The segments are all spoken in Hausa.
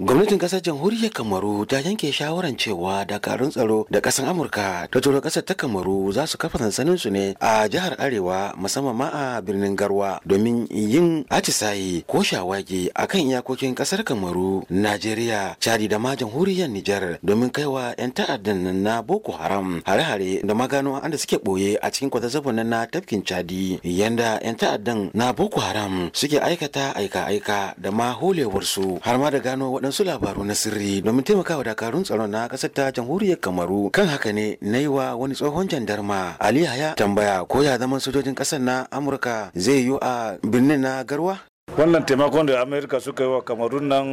Gwamnatin kasar jamhuriyar Kamaru ta yanke shawaran cewa dakarun tsaro da kasan Amurka da tura kasar ta Kamaru za su kafa sansaninsu ne a jihar Arewa musamman ma a birnin Garwa domin yin atisaye ko shawagi kan iyakokin ƙasar Kamaru, Najeriya, Chadi da ma jamhuriyar Nijar domin kaiwa 'yan ta'addan na Boko Haram hare-hare da ma gano magano da suke ɓoye a cikin kwazazzabon na tafkin Chadi yanda 'yan ta'addan na Boko Haram suke aikata aika-aika da ma hulewarsu har ma da gano waɗansu waɗansu labaru na sirri domin taimakawa dakarun tsaro na kasar ta jamhuriyar kamaru kan haka ne na yi wa wani tsohon jandarma ali haya tambaya ko ya zama sojojin ƙasar na amurka zai yiwu a birnin na garwa wannan taimakon da Amurka suka yi wa kamarun nan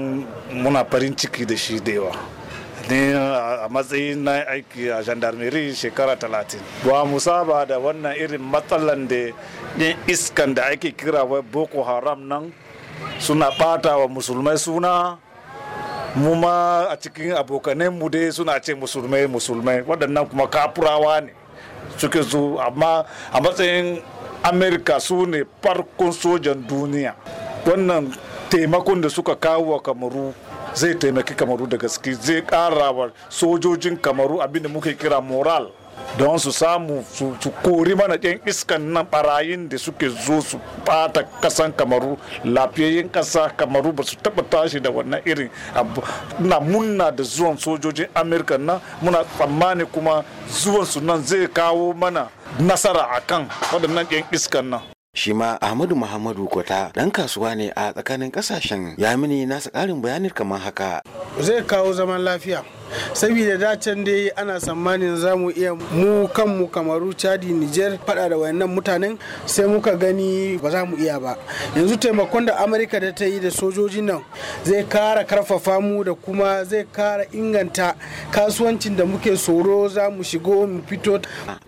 muna farin ciki da shi da yawa ne a matsayin na aiki a gendarmerie shekara talatin ba mu saba da wannan irin matsalan da yin iskan da ake kira wa boko haram nan suna ɓata wa musulmai suna mu ma a cikin abokanai mu dai suna ce musulmai musulmai waɗannan kuma kafurawa ne suke su amma a matsayin amerika su ne farkon sojan duniya wannan taimakon da suka kawo wa kamaru zai taimaki kamaru da gaske zai ƙara sojojin kamaru abinda muke kira moral don su samu su kori mana yan iskan nan barayin da suke zo su bata kasan kamaru lafiyayyen kasa kamaru ba su taba tashi da wannan irin abu na munna da zuwan sojojin amurka nan muna tsammani kuma zuwan su nan zai kawo mana nasara a akan waɗannan yan iskan nan shi ma ahmadu muhammadu kwata dan kasuwa ne a tsakanin ƙasashen yamini nasa ƙarin bayanin kamar haka zai kawo zaman lafiya saboda dacen dai ana tsammanin za mu iya mu kanmu kamaru chadi niger fada da wayannan mutanen sai muka gani ba za mu iya ba yanzu taimakon da amurka da ta yi da sojoji nan zai kara karfafa mu da kuma zai kara inganta kasuwancin da muke tsoro za mu shigo mu fito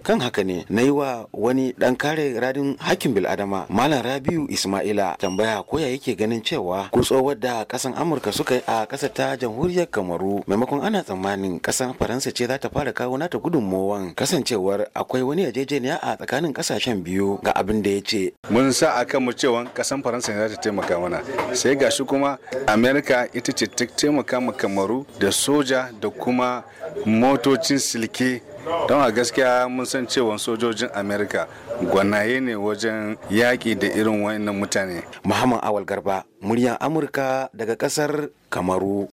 kan haka ne na yi wa wani dan kare radin hakkin bil'adama malam rabiu ismaila tambaya ko ya yake ganin cewa kutsowar da kasan amurka suka yi a kasar ta jamhuriyar kamaru maimakon ana tsammanin kasar faransa ce za ta fara kawo nata gudunmowan kasancewar akwai wani yarjejeniya a tsakanin kasashen biyu ga abin da ya ce mun sa a kanmu cewa kasar faransa ne za ta taimaka mana sai ga shi kuma amerika ita ce ta taimaka mu kamaru da soja da kuma motocin silke don a gaskiya mun san cewa sojojin amerika gwanaye ne wajen yaƙi da irin wayannan mutane muhammad awal garba muryan amurka daga ƙasar kamaru